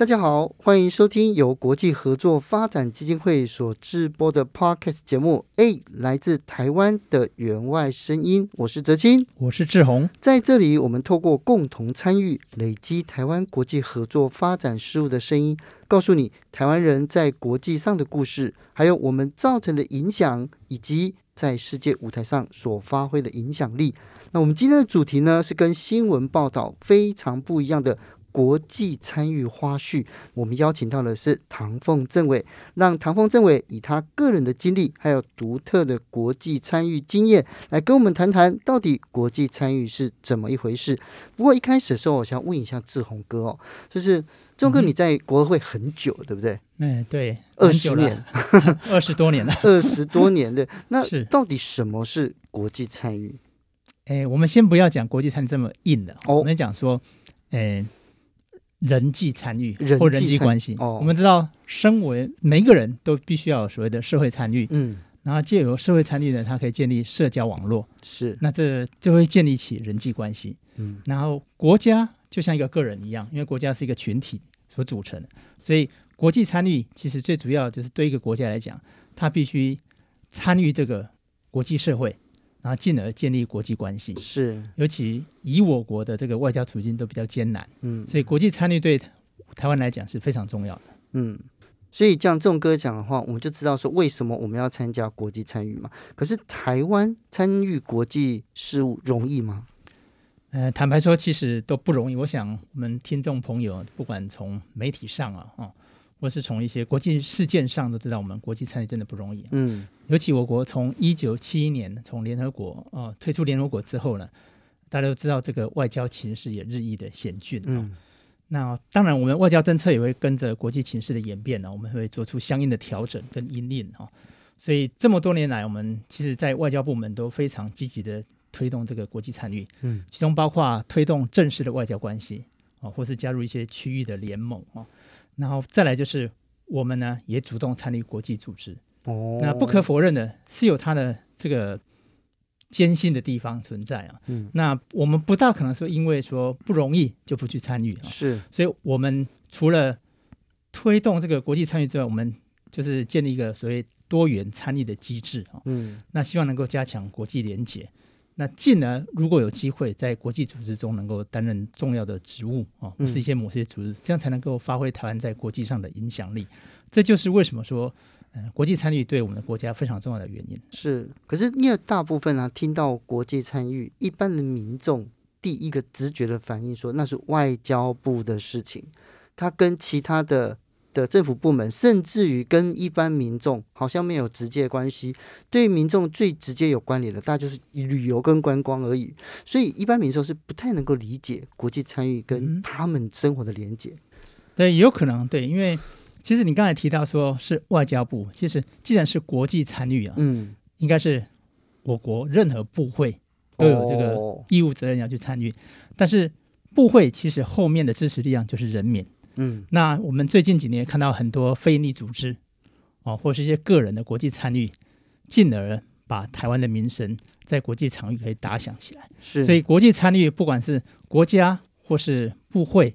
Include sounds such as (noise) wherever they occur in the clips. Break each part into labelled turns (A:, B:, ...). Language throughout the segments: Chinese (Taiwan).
A: 大家好，歡迎收聽由國際合作發展基金會所製播的 Podcast 節目。A、哎、來自台灣的援外聲音，我是哲青，我是志宏。在這裡，我們透過共同參與，累積台灣國際合作發展事務的聲音，告訴你台灣人在國際上的故事，還有我們造成的影響，以及在世界舞台上所發揮的影響力。那我們今天的主題呢，是跟新聞報道非常不一樣的。國際參與花絮，我們邀請到的是唐鳳政委，讓唐鳳政委以他個人的經歷，還有獨特的國際參與經驗，來跟我們談談到底國際參與是怎麼一回事。不過一開始的時候，我想問一下志宏哥哦，就是志宏哥，你在國會很久，嗯、對不對？嗯，對，二十年，二 (laughs) 十多年了，二十多年的。那到底什麼是國際參與？哎，
B: 我們先不要講國際參與這麼硬的，我們講說，哎。人際參與或人際關係，哦、我們知道，身為每一個人都必須要有所謂的社會參與，嗯、然後借由社會參與呢，它可以建立社交網絡，是，那這就會建立起人際關係，嗯、然後國家就像一個個人一樣，因為國家是一個群體所組成，所以國際參與其實最主要就是對一個國家來講，它必須參與這個國際社會。然後進而建立國際關係，是，尤其以我國的這個外交途徑都比較艱難，嗯，所以國際參與對台灣來講是非常重要的，嗯，
A: 所以像這種歌講的話，我們就知道說為什麼我們要參加國際參與嘛。可是台灣參與國際事務容易嗎？
B: 呃，坦白說，其實都不容易。我想，我們聽眾朋友不管從媒體上啊，哦或是從一些國際事件上都知道，我們國際參與真的不容易。嗯，尤其我國從一九七一年從聯合國、哦、推退出聯合國之後呢，大家都知道這個外交情勢也日益的險峻。嗯，那哦當然，我們外交政策也會跟着國際情勢的演變呢、哦，我們會做出相應的調整跟因應。所以這麼多年來，我們其實在外交部門都非常積極的推動這個國際參與，其中包括推動正式的外交關係啊、哦，或是加入一些區域的聯盟啊、哦。然後再來就是我們呢，也主動參與國際組織，哦、那不可否認的是有它的這個艱辛的地方存在啊。嗯、那我們不大可能說因為說不容易就不去參與、啊、是，所以我們除了推動這個國際參與之外，我們就是建立一個所謂多元參與的機制啊。嗯，那希望能夠加強國際連結。那進而如果有機會在國際組織中能夠擔任重要的職務啊，不是一些某些組織，這樣才能夠發揮台灣在國際上的影響力。這就是為什麼說，嗯，國際參與對我們的國家非常重要的原因。
A: 是，可是因為大部分啊，聽到國際參與，一般的民眾第一個直覺的反應說，那是外交部的事情，他跟其他的。的政府部門，甚至於跟一般民眾好像沒有直接關係。對民眾最直接有關聯的，大概就是旅遊跟觀光而已。所以，一般民眾是不太能夠理解國際參與跟他們生活的連結。嗯。
B: 對，也有可能對，因為其實你剛才提到說是外交部，其實既然是國際參與啊，嗯，應該是我國任何部會都有這個義務責任要去參與。哦，但是部會其實後面的支持力量就是人民。嗯，那我們最近幾年也看到很多非利組織，哦，或是一些個人的國際參與，進而把台灣的名聲在國際場域可以打響起來。是，所以國際參與不管是國家或是部會，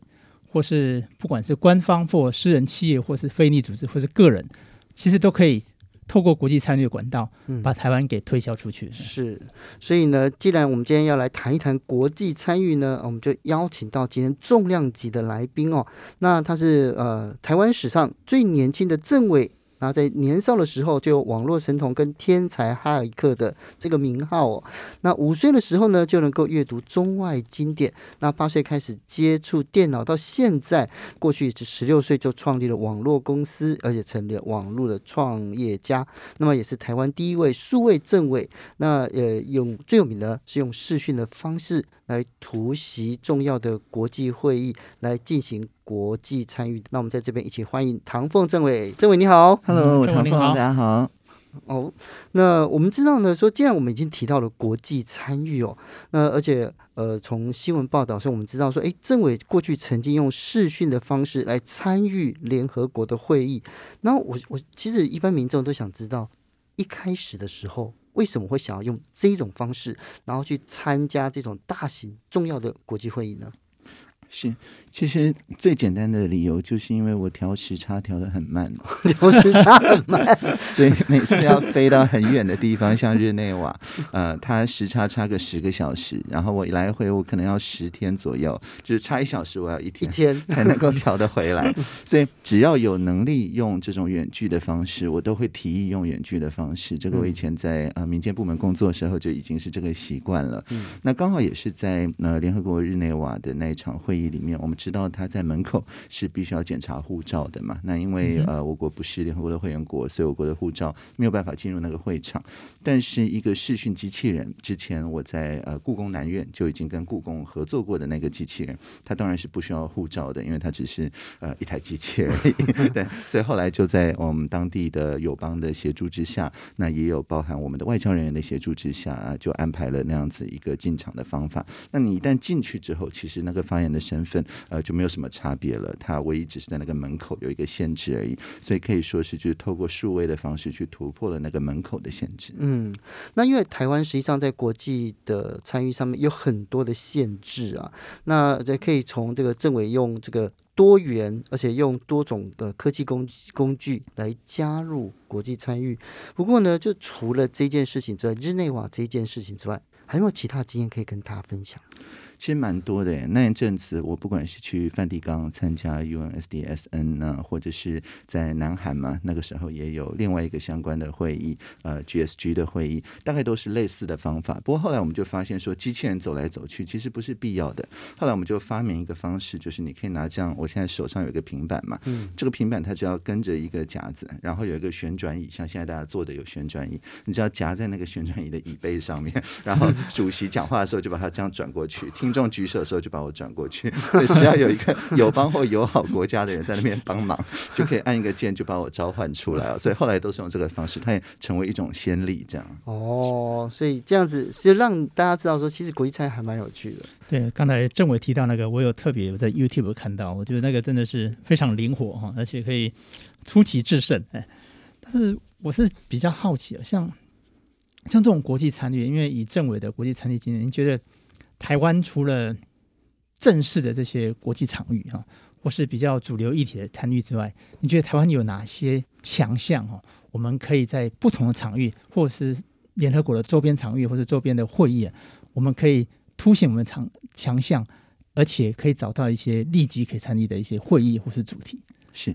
B: 或是不管是官方或私人企業，或是非利組織或是個人，其實都可以。透過國際參與管道，把台灣給推銷出去。嗯。是，
A: 所以呢，既然我們今天要來談一談國際參與呢，我們就邀請到今天重量級的來賓哦。那他是呃，台灣史上最年輕的政委。那在年少的時候就有網絡神童跟天才駭客的這個名號。哦，那五歲的時候呢，就能夠閱讀中外經典。那八歲開始接觸電腦，到現在過去也是十六歲就創立了網絡公司，而且成立了網絡的創業家。那麼也是台灣第一位數位政委。那呃，用最有名的，是用視訊的方式來出席重要的國際會議來進行。國際參與，那我們在這邊一起歡迎唐鳳政委，政委你好。Hello，我是唐鳳，大家好。哦，那我們知道呢，說既然我們已經提到了國際參與哦，那而且呃，從新聞報道說，我們知道說，哎，政委過去曾經用視訊的方式來參與聯合國的會議。那我我其實一般民眾都想知道，一開始的時候為什麼會想要用這一種方式，然後去參加這種大型重要的國際會議呢？是，其實
C: 最簡單的理由就是因為我調時差調得很慢，調時
A: 差很慢，所以每次要飛到
C: 很遠的地方，像日內瓦，呃，它時差差個十個小時，然後我來回我可能要十天左右，就是差一小時我要一天才能夠調得回來， (laughs) 所以只要有能力用這種遠距的方式，我都會提議用遠距的方式。這個我以前在呃民間部門工作的時候就已經是這個習慣了。嗯，那剛好也是在呃聯合國日內瓦的那一場會。裡面，我們知道他在門口是必須要檢查護照的嘛，那因為呃，我國不是聯合國的會員國，所以我國的護照沒有辦法進入那個會場。但是一個視訊機器人，之前我在呃故宮南院就已經跟故宮合作過的那個機器人，他當然是不需要護照的，因為他只是呃一台機器而已。 (laughs) 對，所以後來就在我們當地的友邦的協助之下，那也有包含我們的外交人員的協助之下，啊，就安排了那樣子一個進場的方法。那你一旦進去之後，其實那個發言的。身份呃，就沒有什麼差別了。他唯一只是在那個門口有一個限制而已，所以可以說是就是透過數位的方式去突破了那個門口的限制。
A: 嗯，那因為台灣實際上在國際的參與上面有很多的限制啊，那這可以從這個政委用這個多元而且用多種的科技工工具來加入國際參與。不過呢，就除了這件事情之外，日內瓦這件事情之外，還有沒有其他經驗可以跟他分享？
C: 其實蠻多的耶，那一陣子我不管是去梵蒂岡參加 UNSDSN 呢，或者是在南韓嘛，那個時候也有另外一個相關的會議，呃，GSG 的會議，大概都是類似的方法。不過後來我們就發現說，機器人走來走去其實不是必要的。後來我們就發明一個方式，就是你可以拿這樣，我現在手上有一個平板嘛，嗯，這個平板它只要跟着一個夾子，然後有一個旋轉椅，像現在大家坐的有旋轉椅，你只要夾在那個旋轉椅的椅背上面，然後主席講話的時候就把它這樣轉過去。聽眾舉手的時候就把我轉過去，所以只要有一個友邦或友好國家的人在那邊幫忙，就可以按一個鍵就把我召喚出來了。所以後來都是用這個方式，它也成為一種先例。這樣
A: 哦，所以這樣子是讓大家知道說，其實國際參與還蠻有趣的。
B: 對，剛才政委提到那個，我有特別在 YouTube 看到，我覺得那個真的是非常靈活哈，而且可以出奇制勝。哎，但是我是比較好奇啊，像像這種國際參與，因為以政委的國際參與經驗，您覺得？台灣除了正式的這些國際場域啊，或是比較主流議題的參與之外，你覺得台灣有哪些強項啊，我們可以在不同的場域，或是聯合國的週邊場域或者是週邊的會議啊，我們可以凸顯我們的強強項，而且可以找到一些立即可以參與的一些會議或是主題。
C: 是。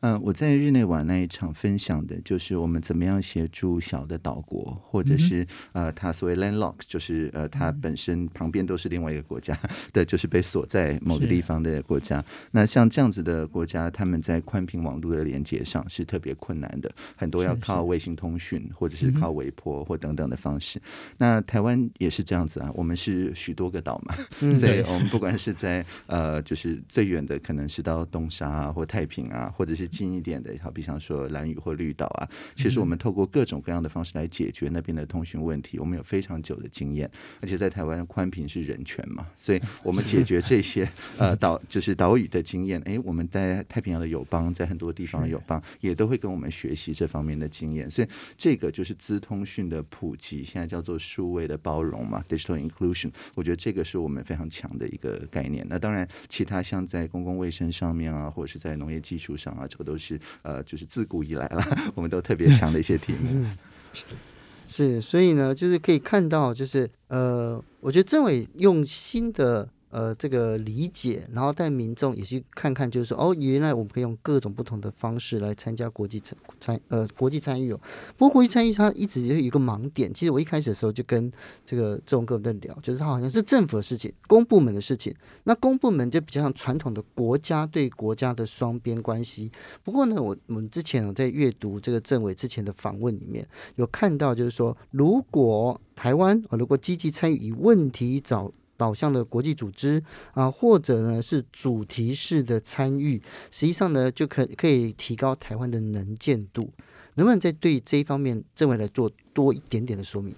C: 嗯、呃，我在日內瓦那一場分享的，就是我們怎麼樣協助小的島國，或者是呃，它所謂 landlock，就是呃，它本身旁邊都是另外一個國家的、嗯， (laughs) 就是被鎖在某個地方的國家。啊、那像這樣子的國家，他們在寬頻網絡的連接上是特別困難的，很多要靠衛星通訊，是是，或者是靠微波或等等的方式。嗯、那台灣也是這樣子啊，我們是許多個島嘛，所以我們不管是在呃，就是最遠的可能是到東沙、啊、或太平啊，或者是。近一點的，好比像說蘭嶼或綠島啊，其實我們透過各種各樣的方式來解決那邊的通訊問題。我們有非常久的經驗，而且在台灣，寬頻是人權嘛，所以我們解決這些 (laughs) 呃島就是島嶼的經驗。哎，我們在太平洋的友邦，在很多地方的友邦也都會跟我們學習這方面的經驗。所以這個就是資通訊的普及，現在叫做數位的包容嘛，digital inclusion。我覺得這個是我們非常強的一個概念。那當然，其他像在公共衛生上面啊，或者是在農業技術上啊。不都是呃，就是自古以來了，我們都特別強的一些題目，
A: (laughs) 是，所以呢，就是可以看到，就是呃，我覺得政委用心的。呃，這個理解，然後帶民眾也去看看，就是說哦，原來我們可以用各種不同的方式來參加國際參參呃國際參與哦。不過國際參與它一直有一個盲點，其實我一開始的時候就跟這個周文閣在聊，就是它好像是政府的事情，公部門的事情。那公部門就比較像傳統的國家對國家的雙邊關係。不過呢，我我們之前有在閱讀這個政委之前的訪問裡面有看到，就是說如果台灣、呃，如果積極參與以問題找導向的國際組織啊，或者呢是主題式的參與，實際上呢就可可以提高台灣的能見度，能不能再對這一方面，政委來做多一點點的說明？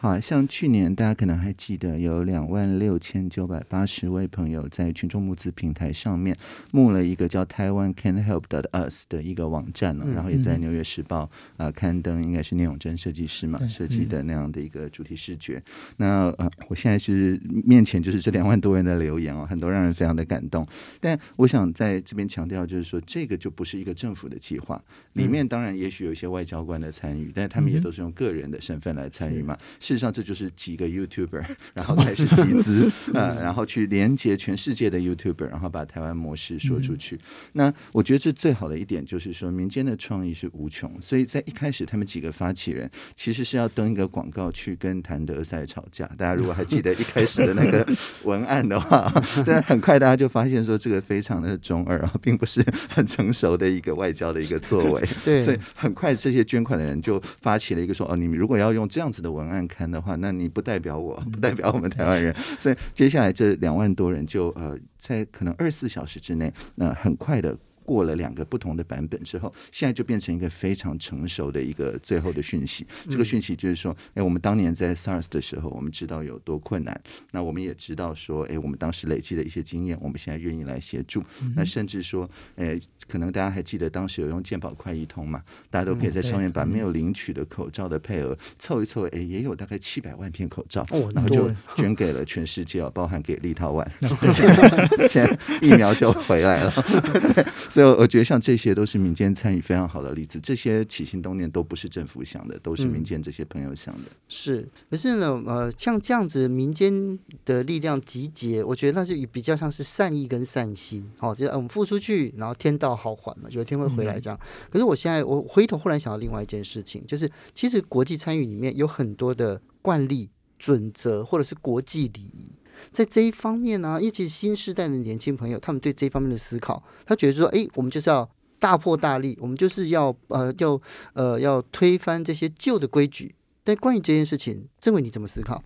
C: 好、啊、像去年大家可能還記得，有兩萬六千九百八十位朋友在群眾募資平台上面募了一個叫台灣 Can Help Us 的一個網站呢、哦。嗯、然後也在《紐約時報》啊、呃、刊登，應該是聶永真設計師嘛設計對的那樣的一個主題視覺。嗯、那呃，我現在是面前就是這兩萬多人的留言哦，很多讓人非常的感動。但我想在這邊強調，就是說這個就不是一個政府的計劃，裡面當然也許有一些外交官的參與，但是他們也都是用個人的身份來參與嘛。嗯事實上，這就是幾個 YouTuber，然後開始集資啊、呃，然後去連接全世界的 YouTuber，然後把台灣模式說出去。嗯、那我覺得這最好的一點就是說，民間的創意是無窮，所以在一開始，他們幾個發起人其實是要登一個廣告去跟譚德賽吵架。大家如果還記得一開始的那個文案的話， (laughs) 但很快大家就發現說這個非常的中二啊，並不是很成熟的一個外交的一個作為。對，所以很快這些捐款的人就發起了一個說哦，你們如果要用這樣子的文案。談的話，那你不代表我不，不代表我們台灣人。嗯、所以接下來這兩萬多人就，就呃，在可能二十四小時之內，那、呃、很快的。過了兩個不同的版本之後，現在就變成一個非常成熟的一個最後的訊息。嗯、這個訊息就是說，哎，我們當年在 SARS 的時候，我們知道有多困難，那我們也知道說，哎，我們當時累積的一些經驗，我們現在願意來協助。嗯、哼那甚至說，哎，可能大家還記得當時有用健保快易通嘛？大家都可以在上面把沒有領取的口罩的配額湊一湊，哎、嗯嗯，也有大概七百萬片口罩，哦、然後就捐給了全世界、哦、呵呵包含給立陶宛。 (laughs) (laughs) 現在疫苗就回來了。 (laughs) 我覺得像這些都是民間參與非常好的例子。這些起心動念都不是政府想的，都是民間這些朋友想的、
A: 嗯。是，可是呢，呃，像這樣子民間的力量集結，我覺得那是比較像是善意跟善心。好、哦，就是我們付出去，然後天道好還嘛，有一天會回來這樣。嗯、可是我現在我回頭忽然想到另外一件事情，就是其實國際參與裡面有很多的慣例、準則或者是國際禮儀。在這一方面呢、啊，尤其新時代的年輕朋友，他們對這方面的思考，他覺得說，哎、欸，我們就是要大破大立，我們就是要呃，要呃，要推翻這些舊的規矩。但關於這件事情，政委你怎麼思考？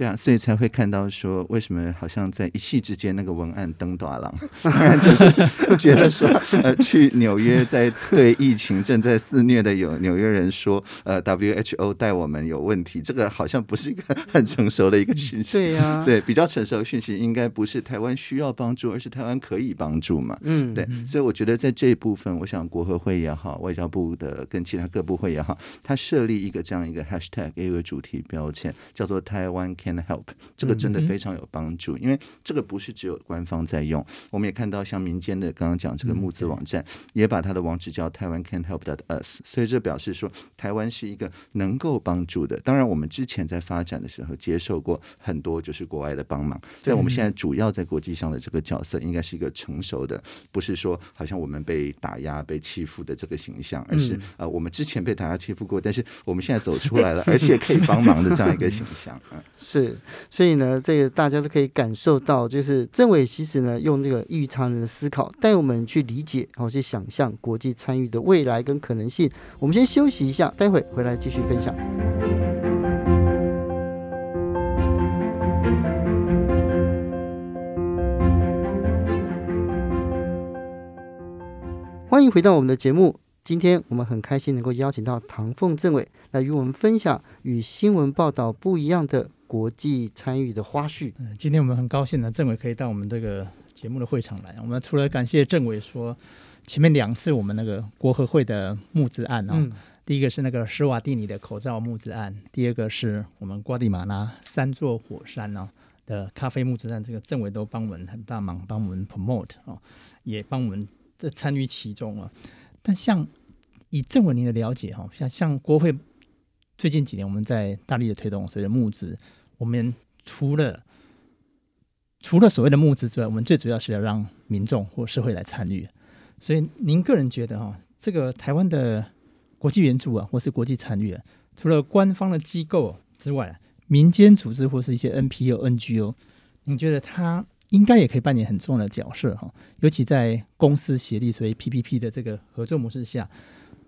A: 對啊，
C: 所以才會看到說，為什麼好像在一夕之間那個文案登大浪，當然就是覺得說，呃，去紐約在對疫情正在肆虐的有紐約人說，呃，W H O 帶我們有問題，這個好像不是一個很成熟的一個訊息。嗯、對呀、啊，對，比較成熟的訊息應該不是台灣需要幫助，而是台灣可以幫助嘛。嗯,嗯，對，所以我覺得在這一部分，我想國合會也好，外交部的跟其他各部會也好，他設立一個這樣一個 Hashtag，一個主題標籤，叫做“台灣 Can”。Can help，這個真的非常有幫助，因為這個不是只有官方在用，我們也看到像民間的剛剛講這個募資網站，也把它的網址叫台灣 can help us，所以這表示說台灣是一個能夠幫助的。當然，我們之前在發展的時候接受過很多就是國外的幫忙，但我們現在主要在國際上的這個角色，應該是一個成熟的，不是說好像我們被打壓、被欺負的這個形象，而是啊、呃，我們之前被打壓、欺負過，但是我們現在走出來了， (laughs) 而且可以幫忙的這樣一個形象，嗯、呃。
A: (laughs) 是，所以呢，這個大家都可以感受到，就是政委其實呢，用這個異於常人的思考帶我們去理解，然後去想象國際參與的未來跟可能性。我們先休息一下，待會回來繼續分享。歡迎回到我們的節目，今天我們很開心能夠邀請到唐鳳政委來與我們分享與新聞報道不一樣的。國際參與的花絮。
B: 嗯，今天我們很高興呢，政委可以到我們這個節目的會場來。我們除了感謝政委說，前面兩次我們那個國合會的募資案哦，嗯、第一個是那個史瓦帝尼的口罩募資案，第二個是我們瓜地馬拉三座火山啊、哦、的咖啡募資案，這個政委都幫我們很大忙，幫我們 promote 哦，也幫我們的參與其中啊。但像以政委您的了解哈、哦，像像國會最近幾年我們在大力的推動，所以的募資。我們除了除了所謂的募資之外，我們最主要是要讓民眾或社會來參與。所以，您個人覺得哈、哦，這個台灣的國際援助啊，或是國際參與啊，除了官方的機構之外，民間組織或是一些 NPO、NGO，您覺得它應該也可以扮演很重要的角色哈、哦？尤其在公私協力，所以 PPP 的這個合作模式下。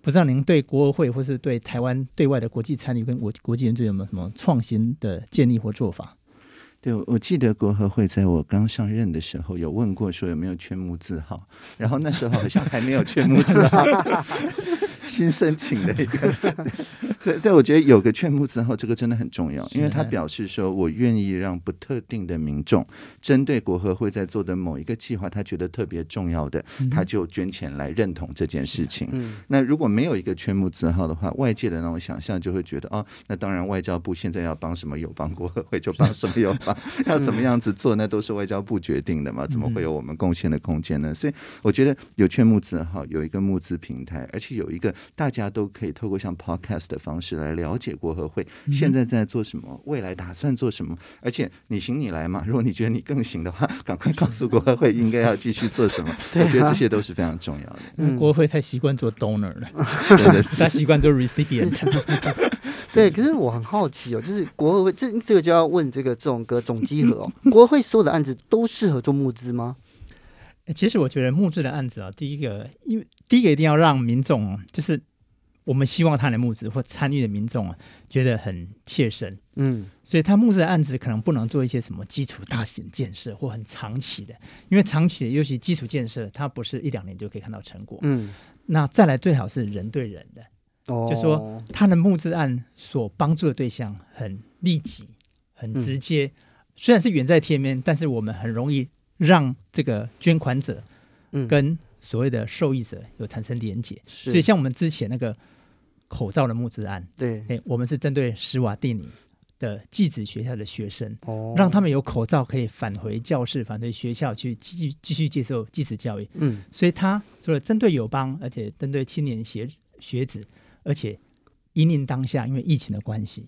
B: 不知道您對國合會或是對台灣對外的國際參與跟國國際援助有沒有什麼創新的建議或做法？
C: 對，我記得國合會在我剛上任的時候有問過，說有沒有勸募字號，然後那時候好像還沒有勸募字號。 (laughs) (laughs) 新申請的一個， (laughs) (laughs) 所以所以我覺得有個勸募字號這個真的很重要，的因為他表示說我願意讓不特定的民眾針對國合會在做的某一個計劃，他覺得特別重要的，他就捐錢來認同這件事情。嗯、那如果沒有一個勸募字號的話，外界的那種想象就會覺得哦，那當然外交部現在要幫什麼友邦，國合會就幫什麼友邦，的要怎麼樣子做那都是外交部決定的嘛，怎麼會有我們貢獻的空間呢？嗯、所以我覺得有勸募字號有一個募資平台，而且有一個。大家都可以透過像 podcast 的方式來了解國合會現在在做什麼，未來打算做什麼。而且你行你來嘛，如果你覺得你更行的話，趕快告訴國合會應該要繼續做什麼。我覺得這些都是非常重要的，嗯。嗯，
B: 國合會太習慣做 donor 了，真的是他習慣做 recipient。
A: 對，可是我很好奇哦，就是國合會這這個就要問這個這種個總集合哦，國合會所有的案子都適合做募資嗎？其實我覺得
B: 募資的案子啊，第一個因為。第一個一定要讓民眾，就是我們希望他的募資或參與的民眾啊，覺得很切身。嗯，所以他募資的案子可能不能做一些什麼基礎大型建設或很長期的，因為長期的尤其基礎建設，它不是一兩年就可以看到成果。嗯，那再來最好是人對人的，哦，嗯、就是說他的募資案所幫助的對象很利己、很直接，嗯、雖然是遠在天邊，但是我們很容易讓這個捐款者跟、嗯。所謂的受益者有產生連結，所以像我們之前那個口罩的募資案，對、欸，我們是針對史瓦帝尼的寄宿學校的學生，哦，讓他們有口罩可以返回教室，返回學校去繼繼續接受寄宿教育，嗯，所以他除了針對友邦，而且針對青年學學子，而且因應當下因為疫情的關係，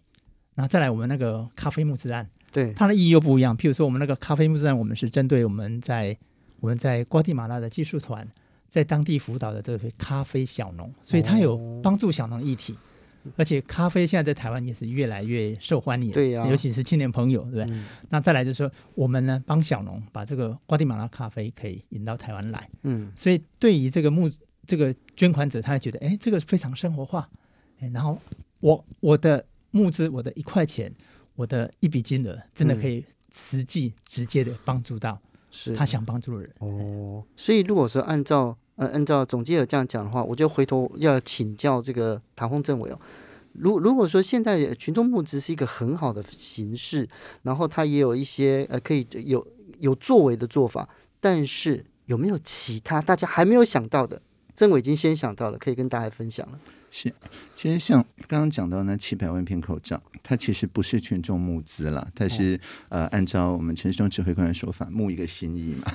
B: 然後再來我們那個咖啡募資案，對，它的意義又不一樣。譬如說我們那個咖啡募資案，我們是針對我們在我們在瓜地馬拉的技術團，在當地輔導的這個咖啡小農，所以他有幫助小農議題。哦、而且咖啡現在在台灣也是越來越受歡迎，對、啊、尤其是青年朋友，對、對、嗯、那再來就是說，我們呢幫小農把這個瓜地馬拉咖啡可以引到台灣來，嗯，所以對於這個募這個捐款者，他也覺得，哎、欸，這個非常生活化，欸、然後我我的募資我的一塊錢，我的一筆金額，真的可以實際直接的幫助到是他想幫助的人、嗯、哦，
A: 所以如果說按照呃，按照總結，有這樣講的話，我就回頭要請教這個唐鳳政委哦。如如果說現在群眾募資是一個很好的形式，然後他也有一些呃可以有有作為的做法，但是有沒有其他大家還沒有想到的？政委已經先想到了，可以跟大家分享了。是，其實
C: 像剛剛講到那七百萬片口罩，它其實不是群眾募資了，它是、哦、呃按照我們陳時中指揮官的說法，募一個心意嘛，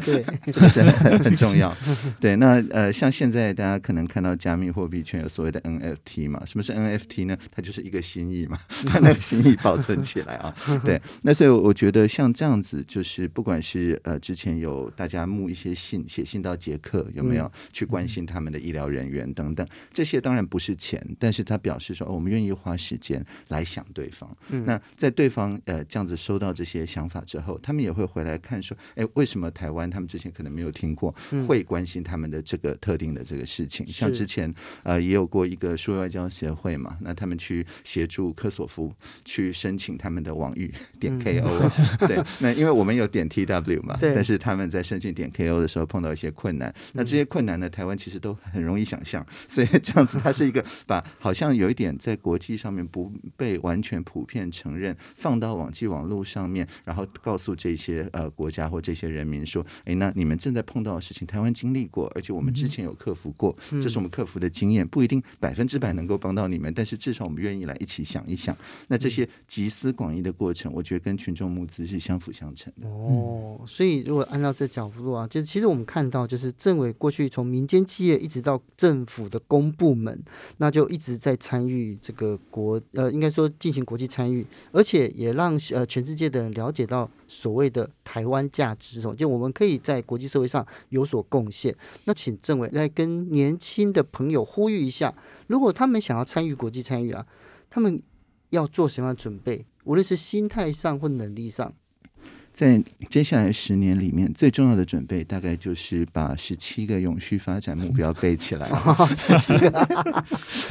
C: 對， (laughs) 這個是很很重要。對，那呃像現在大家可能看到加密貨幣圈有所謂的 NFT 嘛，什麼是，是 NFT 呢？它就是一個心意嘛，把 (laughs) 那個心意保存起來啊。對，那所以我覺得像這樣子，就是不管是呃之前有大家募一些信，寫信到捷克，有沒有去關心他們的醫療人員等等、嗯嗯、這些當，當然不是錢，但是他表示說，哦、我們願意花時間來想對方。嗯、那在對方呃這樣子收到這些想法之後，他們也會回來看說，哎，為什麼台灣他們之前可能沒有聽過，會關心他們的這個特定的這個事情？嗯、像之前呃也有過一個數位外交協會嘛，那他們去協助科索夫去申請他們的網域點 ko、嗯、對， (laughs) 那因為我們有點 tw 嘛，對，但是他們在申請點 ko 的時候碰到一些困難，嗯、那這些困難呢，台灣其實都很容易想象，所以這樣子、嗯。它 (laughs) 是一個把好像有一點在國際上面不被完全普遍承認，放到網際網路上面，然後告訴這些呃國家或這些人民說，哎、欸，那你們正在碰到的事情，台灣經歷過，而且我們之前有克服過，嗯、這是我們克服的經驗，不一定百分之百能夠幫到你們，但是至少我們願意來一起想一想。那這些集思廣益的過程，我覺得跟群眾募資是相輔相成
A: 的。哦，所以如果按照這角度啊，就其實我們看到就是政委過去從民間企業一直到政府的公部門。那就一直在參與這個國，呃，應該說進行國際參與，而且也讓呃全世界的人了解到所謂的台灣價值哦，就我們可以在國際社會上有所貢獻。那請政委來跟年輕的朋友呼籲一下，如果他們想要參與國際參與啊，他們要做什麼樣的準備？無論是心態上或能力上。
C: 在接下來十年裡面，最重要的準備大概就是把十七個永續發展目標背起來。哦。十七個，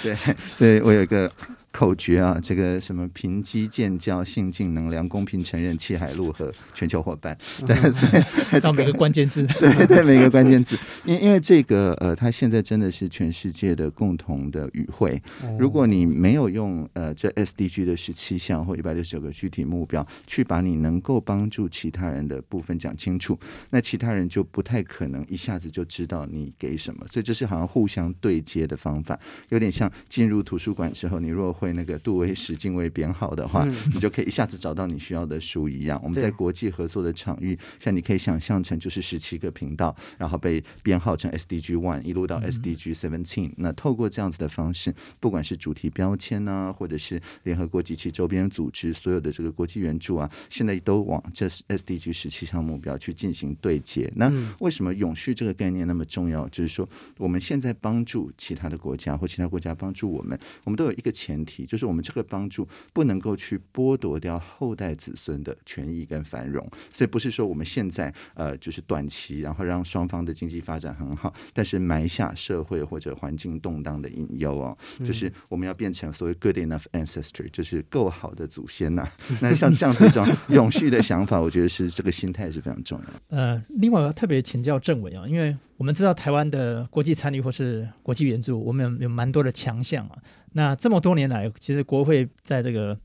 C: 對，所以我有一個。口訣啊，這個什麼平基建教、性淨能量、公平承認、氣海路和全球夥伴，對，是找每個關鍵字，對對，每個關鍵字。因、嗯、因為這個呃，它現在真的是全世界的共同的語彙。哦、如果你沒有用呃這 S D G 的十七項或一百六十九個具體目標，去把你能夠幫助其他人的部分講清楚，那其他人就不太可能一下子就知道你給什麼。所以這是好像互相對接的方法，有點像進入圖書館之後，你若。會那個杜威十進位編號的話，你就可以一下子找到你需要的書一樣。對我們在國際合作的場域，像你可以想象成就是十七個頻道，然後被編號成 SDG one 一路到 SDG seventeen。嗯、那透過這樣子的方式，不管是主題標籤呢、啊，或者是聯合國及其周邊組織所有的這個國際援助啊，現在都往這 SDG 十七項目標去進行對接。那為什麼永續這個概念那麼重要？就是說，我們現在幫助其他的國家，或其他國家幫助我們，我們都有一個前提。就是我們這個幫助不能夠去剝奪掉後代子孫的權益跟繁榮，所以不是說我們現在呃就是短期，然後讓雙方的經濟發展很好，但是埋下社會或者環境動盪的隱憂哦。就是我們要變成所謂 good enough ancestor，就是夠好的祖先吶、啊。那像這樣子一種永續的想法，我覺得是這個心態是非常重要
B: 的。呃，另外要特別請教政委啊，因為。我們知道台灣的國際參與或是國際援助，我們有有蠻多的強項啊。那這麼多年來，其實國合會在這個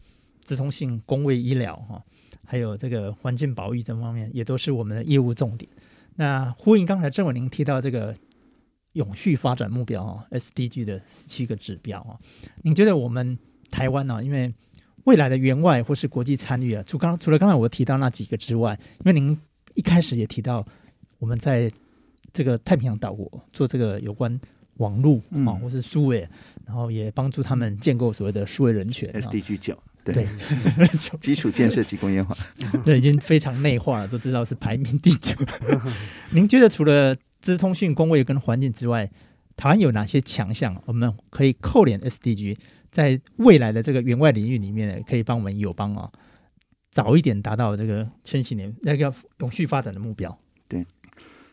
B: 直通性、公衛醫療哈、啊，還有這個環境保育這方面，也都是我們的業務重點。那呼應剛才政委您提到這個永續發展目標哈、啊、（SDG） 的17個指標啊，您覺得我們台灣呢、啊？因為未來的援外或是國際參與啊，除剛除了剛才我提到那幾個之外，因為您一開始也提到我們在，這個太平洋島國做這個有關網路，啊，或是數位，嗯、然後也幫助他們建構所謂的數位人權 SDG9 對基礎建設及工業化，對, (laughs) 對已經非常內化了，都知道是排名第九。 (laughs) 您覺得除了資通訊、工位跟環境之外，台灣有哪些強項，我們可以扣連 SDG 在未來的這個援外領域裡面呢？可以幫我們友邦啊，早一點達到這個千禧年那個永續發展的目標？對，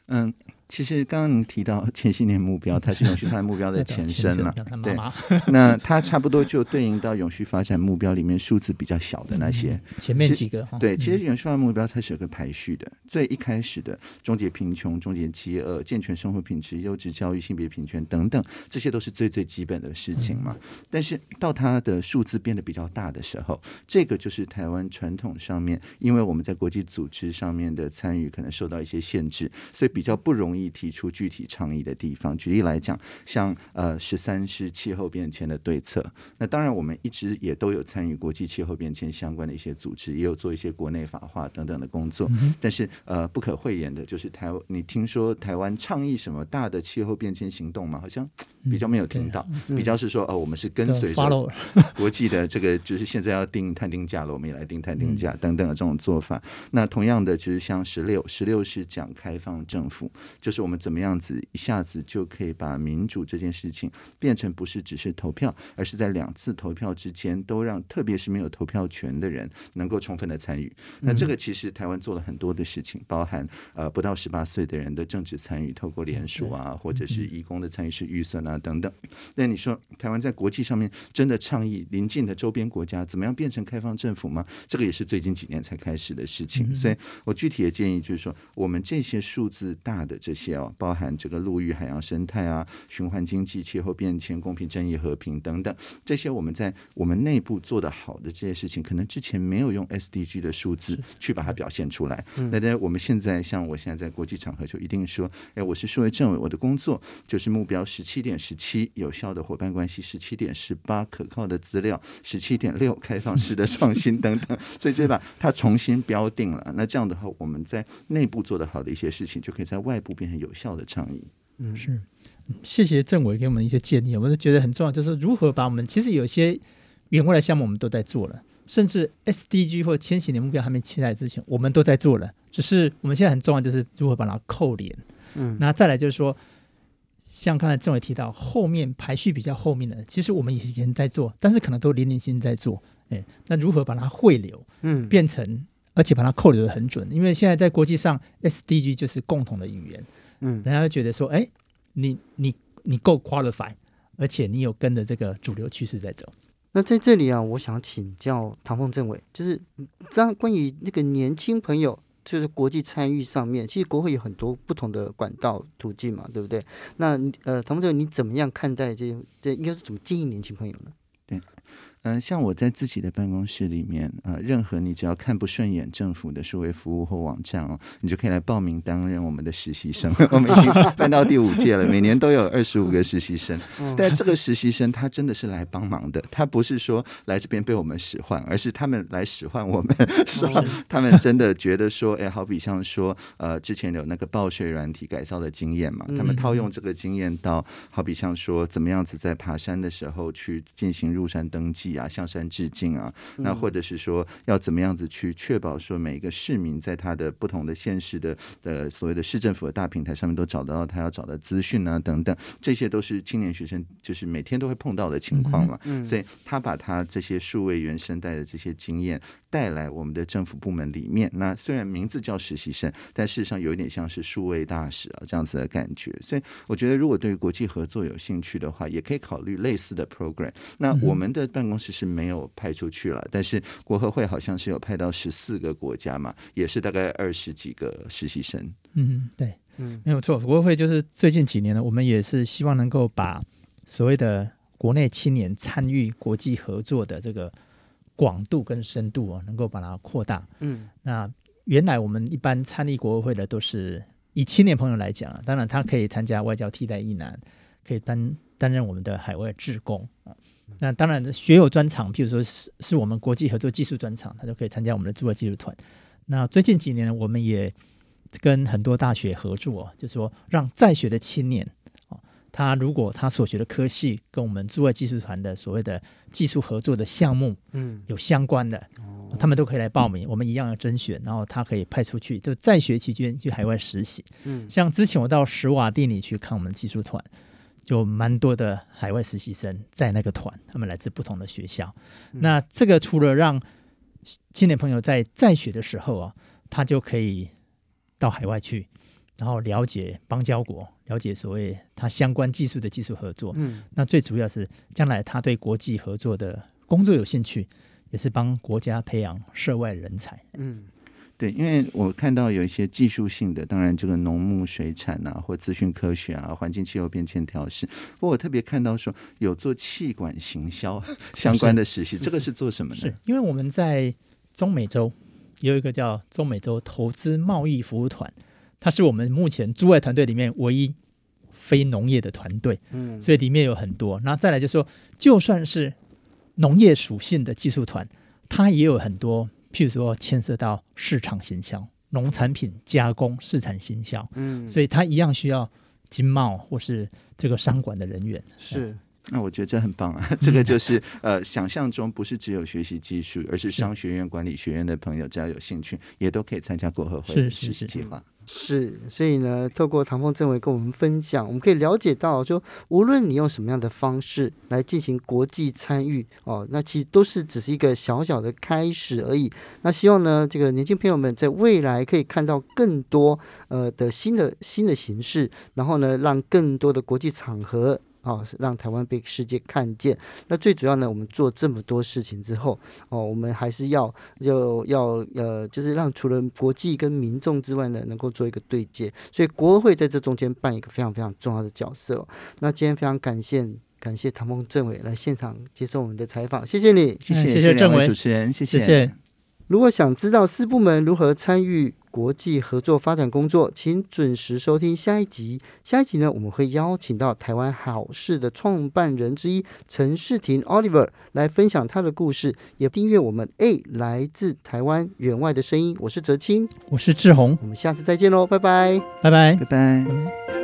B: 嗯。其實
C: 剛剛您提到前些年目標，它是永續發展目標的前身了， (laughs) 媽媽 (laughs) 對。那它差不多就對應到永續發展目標裡面數字比較小的那些、嗯、
B: 前面幾個。是啊、對，
C: 其實永續發展目標它是有個排序的，嗯、最一開始的終結貧窮、終結飢餓、健全生活品質、優質教育、性別平權等等，這些都是最最基本的事情嘛。嗯、但是到它的數字變得比較大的時候，這個就是台灣傳統上面，因為我們在國際組織上面的參與可能受到一些限制，所以比較不容易。容易提出具體倡議的地方，舉例來講，像呃十三是氣候變遷的對策。那當然，我們一直也都有參與國際氣候變遷相關的一些組織，也有做一些國內法化等等的工作。但是呃，不可諱言的就是台，台你聽說台灣倡議什麼大的氣候變遷行動嗎？好像。比較沒有聽到，嗯、比較是說哦，我們是跟隨着國際的這個，就是現在要訂碳定價了，我們也來訂碳定價、嗯、等等的這種做法。那同樣的，就是像十六，十六是講開放政府，就是我們怎麼樣子一下子就可以把民主這件事情變成不是只是投票，而是在兩次投票之間都讓，特別是沒有投票權的人能夠充分的參與。嗯、那這個其實台灣做了很多的事情，包含呃不到十八歲的人的政治參與，透過聯署啊，對或者是義工的參與式預算呢、啊。嗯嗯啊等等，那你說台灣在國際上面真的倡議臨近的周邊國家怎麼樣變成開放政府嗎？這個也是最近幾年才開始的事情。嗯、所以我具體的建議就是說，我們這些數字大的這些哦，包含這個陸域海洋生態啊、循環經濟、氣候變遷、公平正義、和平等等這些，我們在我們內部做的好的這些事情，可能之前沒有用 SDG 的數字去把它表現出來。嗯、那在我們現在，像我現在在國際場合就一定說，哎，我是數位政委，我的工作就是目標十七點。十七有效的夥伴關係，十七點十八可靠的資料，十七點六開放式的創新等等， (laughs) 所以就把它重新標定了。那這樣的話，我們在內部做得好的一些事情，就可以在外部變成有效的倡
B: 議。嗯，是，嗯，謝謝政委給我們一些建議。我覺得很重要，就是如何把我們其實有些遠觀的項目，我們都在做了，甚至 SDG 或千禧年目標還沒期待之前，我們都在做了。只是我們現在很重要，就是如何把它扣連。嗯，那再來就是說。像剛才政委提到，後面排序比較後面的，其實我們已經在做，但是可能都零零星在做，哎、欸，那如何把它匯流，嗯，變成，嗯、而且把它扣留的很準，因為現在在國際上，SDG 就是共同的語言，嗯，人家會覺得說，哎、欸，你你你夠 qualify 而且你有跟着這個主流趨勢
A: 在走，那在這裡啊，我想請教唐鳳政委，就是張關於那個年輕朋友。就是國際參與上面，其實國會有很多不同的管道、途徑嘛，對不對？那呃，唐教授，你怎麼樣看待這這應該是怎麼建議年輕朋友呢？
C: 嗯、呃，像我在自己的辦公室裡面，呃，任何你只要看不順眼政府的數位服務或網站哦，你就可以來報名擔任我們的實習生。 (laughs) 我們已經辦到第五屆了， (laughs) 每年都有二十五個實習生。 (laughs) 但這個實習生他真的是來幫忙的，他不是說來這邊被我們使喚，而是他們來使喚我們。是他們真的覺得說，哎，好比像說，呃，之前有那個報稅軟體改造的經驗嘛，他們套用這個經驗到好比像說，怎麼樣子在爬山的時候去進行入山登記。向山致敬啊！那或者是說，要怎麼樣子去確保說每一個市民在他的不同的現實的呃所謂的市政府的大平台上面都找到他要找的資訊啊等等，這些都是青年學生就是每天都會碰到的情況嘛。嗯嗯、所以他把他這些數位原生代的這些經驗。帶來我們的政府部門裡面，那雖然名字叫實習生，但事實上有一點像是數位大使啊這樣子的感覺。所以我覺得，如果對於國際合作有興趣的話，也可以考慮類似的 program。那我們的辦公室是沒有派出去了，嗯、哼但是國合會好像是有派到十四個國家嘛，也是大概二十幾個實習生。
B: 嗯，對，嗯，沒有錯。國合會就是最近幾年呢，我們也是希望能夠把所謂的國內青年參與國際合作的這個。廣度跟深度啊、哦，能夠把它擴大。嗯，那原來我們一般參與國合會的，都是以青年朋友來講啊，當然他可以參加外交替代役男，可以擔擔任我們的海外的志工啊。那當然學有專長，譬如說是是我們國際合作技術專長，他就可以參加我們的駐外技術團。那最近幾年，我們也跟很多大學合作、啊，就是說讓在學的青年。他如果他所學的科系跟我們駐外技術團的所謂的技術合作的項目，嗯，有相關的，嗯、他們都可以來報名，嗯、我們一樣要甄選，然後他可以派出去，就在學期間去海外實習，嗯，像之前我到史瓦帝尼去看我們技術團，就蠻多的海外實習生在那個團，他們來自不同的學校，那這個除了讓青年朋友在在學的時候哦，他就可以到海外去。然後了解邦交國，了解所謂他相關技術的技術合作。嗯，那最主要是將來他對國際合作的工作有興趣，也是幫國家培養涉外人才。嗯，
C: 對，因為我看到有一些技術性的，當然這個農牧水產吶、啊，或資訊科學啊，環境氣候變遷調適。不過我特別看到說有做企管行銷呵呵相關的實習，是這個是做什麼呢？是
B: 因為我們在中美洲有一個叫中美洲投資貿易服務團。它是我們目前駐外團隊裡面唯一非農業的團隊，嗯，所以裡面有很多。那再來就是說，就算是農業屬性的技術團，它也有很多，譬如說牽涉到市場行銷、農產品加工、市場行銷，嗯，所以它一樣需要經貿或是這個商管的人員。是，
C: 那我覺得這很棒啊！這個就是、嗯、呃， (laughs) 想象中不是只有學習技術，而是商學院、管理學院的朋友，只要有興趣，是也都可以參加國合會是，是，實習計劃。是是是
A: 是，所以呢，透過唐鳳政委跟我們分享，我們可以了解到說，就無論你用什麼樣的方式來進行國際參與哦，那其實都是只是一個小小的開始而已。那希望呢，這個年輕朋友們在未來可以看到更多呃的新的新的形式，然後呢，讓更多的國際場合。哦，讓台灣被世界看見。那最主要呢，我們做這麼多事情之後，哦，我們還是要就要要呃，就是讓除了國際跟民眾之外呢，能夠做一個對接。所以，國會在這中間扮演一個非常非常重要的角色，哦。那今天非常感謝感謝唐鳳政委來現場接受我們的採訪，謝謝你，謝謝你，嗯，謝謝政委，主持人，謝謝。如果想知道私部門如何參與國際合作發展工作，請準時收聽下一集。下一集呢，我們會邀請到台灣好事的創辦人之一陳世廷 Oliver 來分享他的故事。也訂閱我們 A 來自台灣援外的聲音。我是哲青，
B: 我是志宏，我們
A: 下次再見嘍，拜拜，
B: 拜拜，拜拜。